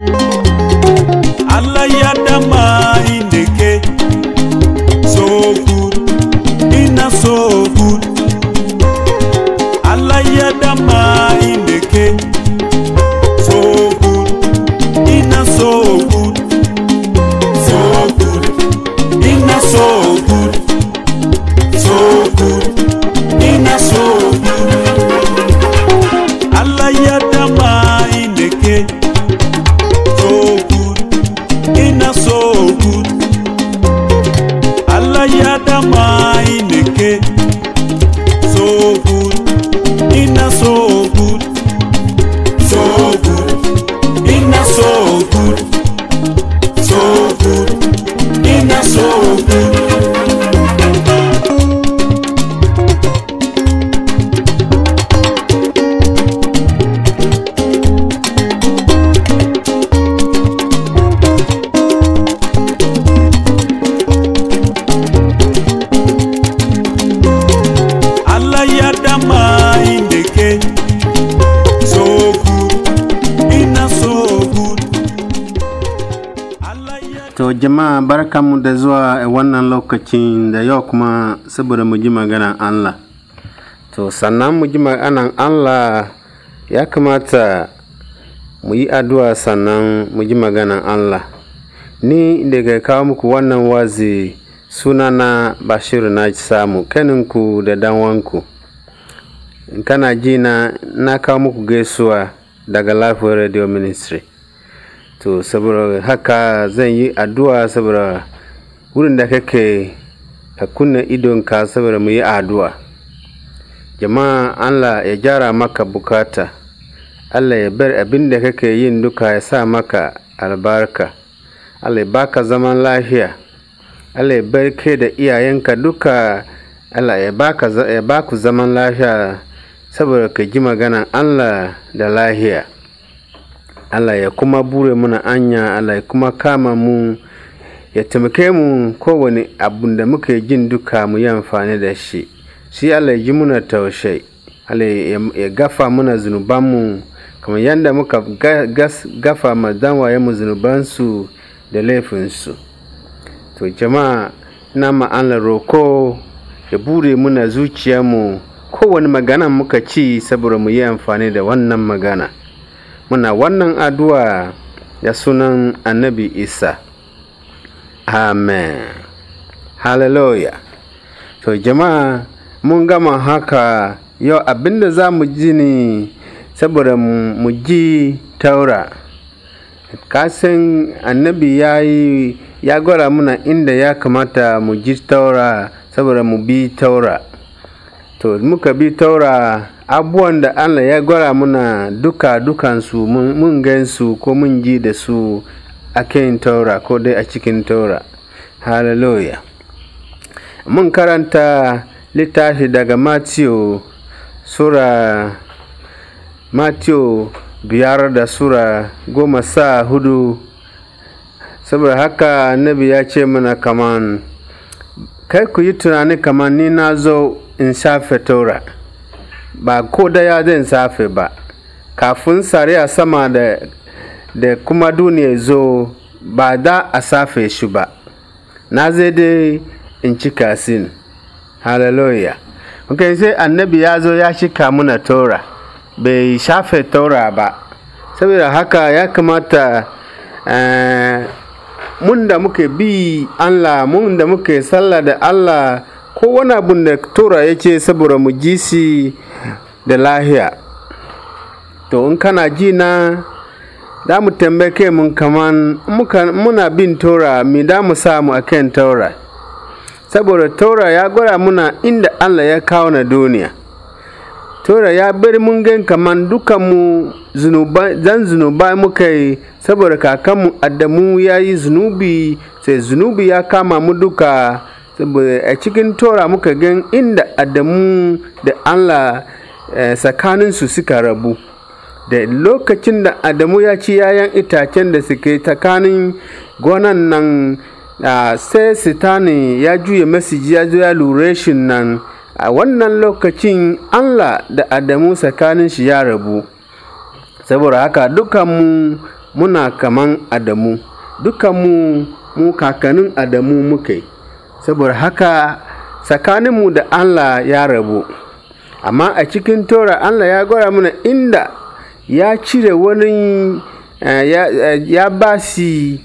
you barka mu da zuwa wannan lokacin da yau kuma saboda mu ji maganan Allah. To sannan mu ji maganan Allah ya kamata mu yi addu'a sannan mu ji maganan Allah. Ni daga kawo muku wannan wazi sunana Bashir na samu kaninku da danwanku. Kana ji na na kawo muku gaisuwa daga Life Radio Ministry. to saboda haka zan yi addu'a saboda wurin da kake ka kunna idonka saboda mu yi addu'a jama'a allah ya gyara maka bukata allah ya bar abin da kake yin duka ya sa maka albarka allah ya baka zaman lafiya allah ya bar ke da iyayenka duka allah ya baku zaman lafiya saboda ka ji maganan allah da lahiya Allah ya kuma bure muna anya Allah ya kuma kama mu ya taimake mu kowane abun da muka yi jin duka mu yi amfani da shi shi Allah ya ji muna taushe Allah ya gafa muna zunubanmu kamar yadda muka gafa ma danwaye mu zunubansu da laifinsu to jama'a na ma'anar roko ya bure muna zuciyarmu kowane magana muka ci saboda mu yi amfani da wannan magana muna wannan addu'a da sunan annabi isa amen hallelujah to jama'a mun gama haka yau abinda za mu ji ne saboda mu ji taura kasan annabi ya yi ya gwara muna inda ya kamata mu ji taura saboda mu bi taura to muka bi taura abubuwan da Allah ya gwara muna duka dukansu mun gansu ko mun ji da su a kan taura ko dai a cikin taura hallelujah mun karanta littafi daga matthew sura matthew biyar da sura goma sa hudu saboda haka nabi ya ce mana kaman kai ku yi tunani kaman ni na zo in shafe taura ba ko daya zan safe ba kafin sariya sama da da kuma duniya zo ba da a safe shi ba na zai dai in ci kasin hallelujah ok sai annabi ya zo ya shika muna tora bai shafe tora ba saboda haka ya kamata eh, mun da muke bi allah mun da muke sallah da allah ko wani abun da tura ya ce saboda mu ji si da lahiya to in kana ji na da mu tambake mun kaman muna bin tora mi da mu samu a kan tora saboda tora ya gwada muna inda allah ya kawo na duniya tora ya bar mun gan kaman dukan mu, zan zunuba muka yi saboda kakanmu adamu ya yi zunubi sai zunubi ya kama mu duka saboda a cikin tora muka gan inda adamu da allah eh, tsakaninsu suka rabu da lokacin da adamu ya ci yayan itacen da suke tsakanin gonan nan sai sitani ya juya masiji ya zo ya lura shi nan a wannan lokacin allah da adamu tsakanin shi ya rabu saboda haka dukanmu muna kaman adamu dukanmu mu kakannin adamu muke saboda haka tsakaninmu da Allah ya rabu amma a cikin tora Allah ya gwara mana inda ya cire wani eh, eh, ya ba si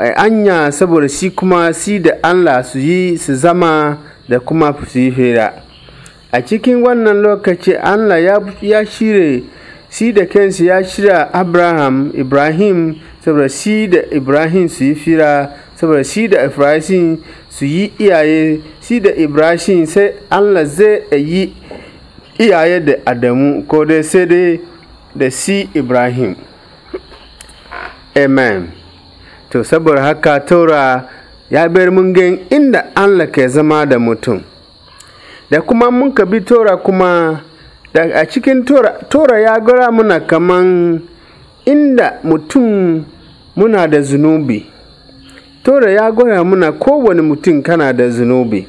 eh, anya saboda shi kuma si da Allah su yi su zama da kuma su yi fira a cikin wannan lokaci Allah ya shire si da kansu ya shira abraham ibrahim saboda si da ibrahim su yi fira saboda shi da ibrahim su yi iyaye shi da ibrahim sai allah zai yi iyaye da adamu ko dai sai dai da si ibrahim amen to saboda haka taura ya bayar mun gan inda allah ke zama da mutum da kuma mun ka bi tora kuma da a cikin tora, tora ya gara muna kaman inda mutum muna da zunubi tora ya gwada muna kowane mutum kana da zunubi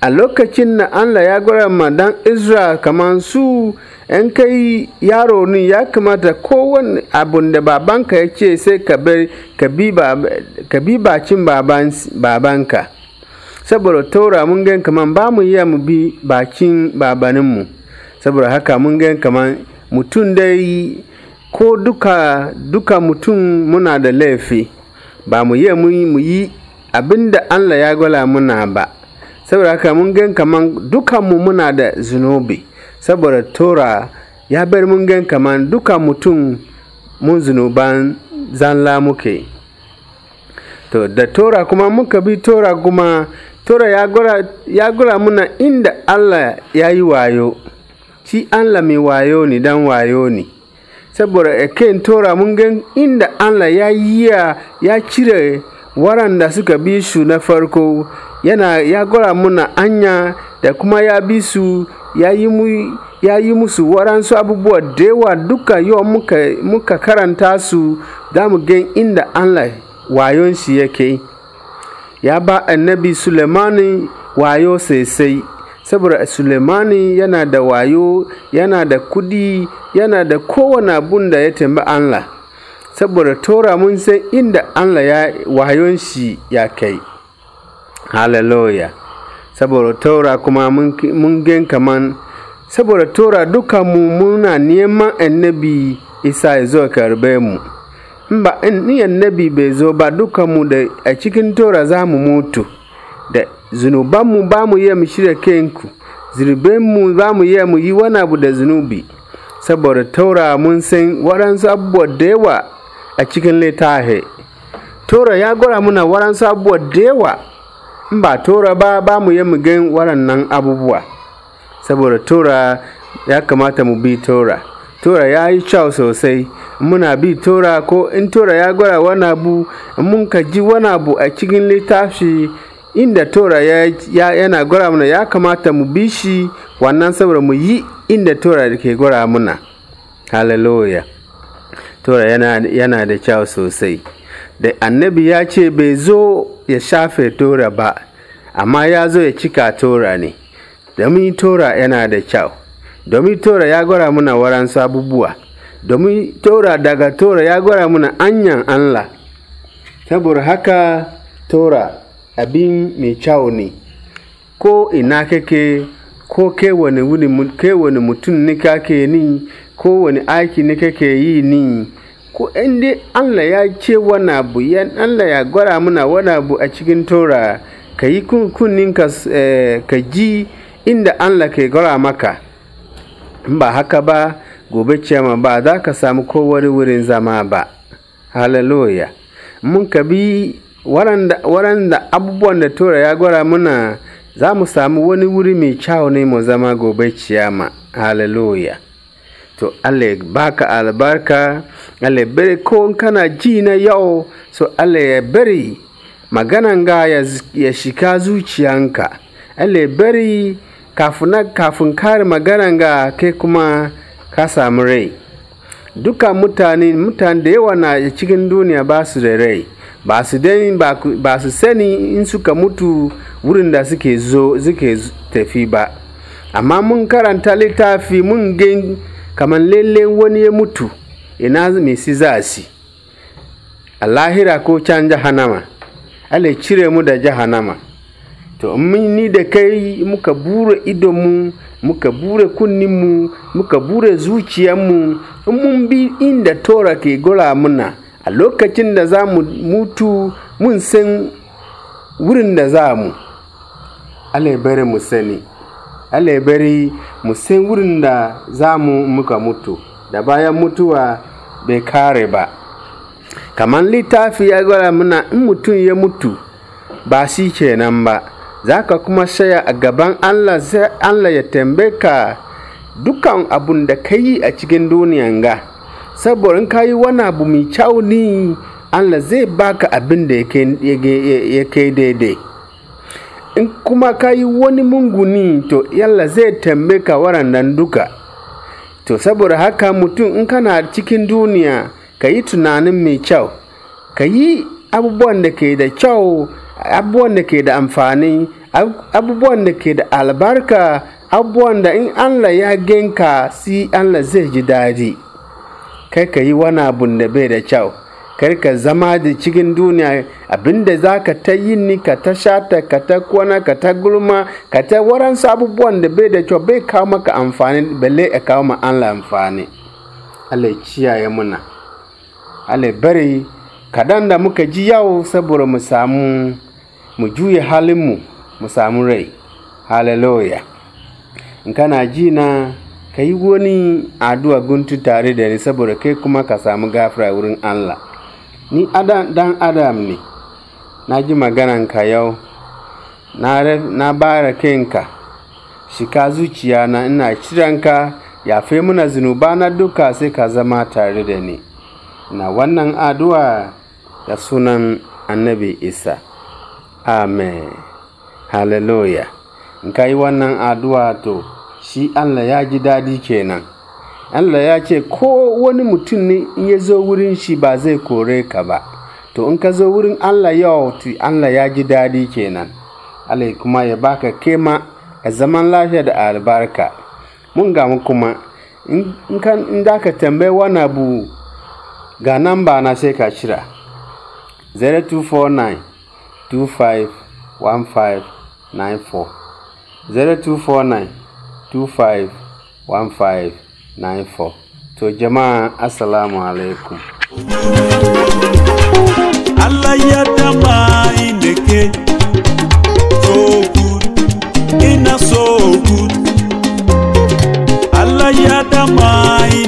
a lokacin na allah ya gwada ma dan israel kamar su yan kai yaro ni ya kamata kowane abun da babanka ya ce sai ka bi bacin babanka saboda tora mun gan kamar ba mu iya mu bi bacin babaninmu saboda haka mun gan kamar mutum dai ko duka duka mutum muna da laifi ba mu yi mu yi abin da Allah ya gwala muna ba saboda haka mun gan kaman dukanmu muna da zunubi saboda tora ya bar mun gan kaman duka mutum mun zunuban zanla muke to da tora kuma muka bi tora kuma tora ya gwala muna inda allah ya yi wayo shi allah mai wayo ne dan wayo ne saboda eken tora mun gan inda allah ya yi ya cire waranda suka bi su na farko yana ya gora muna anya da kuma ya bi su ya yi musu waransu abubuwa da yawa duka yau muka, karanta su za mu gan inda allah wayon shi yake ya ba annabi sulemani wayo sosai saboda Sulemani yana da wayo yana da kudi yana da kowane abun da ya tambi Allah saboda tora mun san inda Allah ya wayon shi ya kai hallelujah saboda tora kuma mun gan kaman saboda tora duka mu muna neman annabi isa ya zo karbe mu in ba in annabi bai zo ba duka mu da a cikin tora za mu mutu da zunubanmu ba mu iya mu shirya kanku zunubanmu ba mu iya mu yi wani abu da zunubi saboda taura mun san waɗansu abubuwa da yawa a cikin littafi taura ya gwara muna waɗansu abubuwa da yawa in ba taura ba ba mu iya mu gan waɗannan abubuwa saboda taura ya kamata mu bi taura tora ya yi kyau sosai muna bi tora ko in tora ya gwara wani abu mun ka ji wani abu a cikin littafi inda tora yana gura mana ya kamata mu bi shi wannan saboda mu yi inda tora da ke gura muna hallelujah tora yana da kyau sosai da annabi ya ce bai zo ya shafe tora ba amma ya zo ya cika tora ne domin tora yana da kyau domin tora ya gwara muna waransu abubuwa domin tora daga tora ya gwara muna anyan allah saboda haka tora abin mai kyau ne ko ina kake ko ke wani mutum ne kake ni ko wani aiki ne kake yi ni ko inda Allah ya ce wani abu yan Allah ya gwara muna wani abu a cikin tora ka yi kunkunin eh, ka ji inda Allah ke gwara maka ba haka ba gobe ciyama ba za ka samu kowane wurin zama ba hallelujah mun ka bi abubuwan da tura ya gwara muna za mu samu wani wuri mai kyau ne mu zama gobe ciyama hallelujah to allah baka albarka allah bari ko kana ji na yau so allah ya bari maganan ga ya shika zuciyanka allah bari kafin kafin kare maganan ga kai kuma ka samu rai duka mutane mutane da yawa na cikin duniya ba su da rai ba su sani in suka mutu wurin da suke zo suke tafi ba amma mun karanta littafi mun gan kamar lalle wani ya mutu ina mai si za si a ko can jahanama ale cire mu da jahanama to mun ni da kai muka bure idonmu muka bure kunninmu muka bure zuciyarmu in mun bi inda tora ke gola muna a lokacin da za mu mutu mun san wurin da za mu alaibari mu sani alaibari mu san wurin da za mu muka mutu da bayan mutuwa bai kare ba kamar littafi ya gwada muna in mutum ya mutu ba shi kenan ba za ka kuma saya a gaban Allah sai Allah ya tambaye ka dukan abun da ka yi a cikin duniyan ga. saboda in ka yi wani abu mai kyau ne Allah zai baka abin da ya kai daidai in kuma ka yi wani munguni to yalla zai tambe ka warannan duka to saboda haka mutum in kana cikin duniya ka yi tunanin mai kyau ka yi abubuwan da ke da kyau abubuwan da ke da amfani abubuwan da ke da albarka abubuwan da in allah ya genka si allah zai ji daji kar ka yi wani abun da bai da kyau kar ka zama da cikin duniya abinda za ka ta yi ni ka ta shata ka ta kwana ka ta gulma ka ta waran abubuwan da bai da kyau bai kawo maka amfani balle ya kawo ma Allah amfani Allah ciyaye muna Allah bari kadan da muka ji yau saboda mu samu mu juye halinmu mu samu rai hallelujah in kana ji na ka yi wani addu'a guntu tare da ni saboda kai kuma ka samu gafara wurin Allah ni adam dan adam ne na ji ka yau na bara kenka. shika zuciya na ina ya yafe muna zunubana duka sai ka zama tare da ni na wannan addu'a da sunan annabi isa amen hallelujah in ka yi wannan addu'a to shi Allah ya ji daɗi kenan Allah ya ce ko wani mutum ne in ya zo wurin shi ba zai kore ka ba to in ka zo wurin Allah yau Allah ya ji daɗi kenan Allah kuma ya baka kema a zaman lafiya da albarka mun gamu kuma in da ka tambaye wani abu ga nan ba na sai ka shira 0249 0249 251594. To jama'a Assalamu alaikum. Allah ya dama ineke so good ina so good Allah ya dama ineke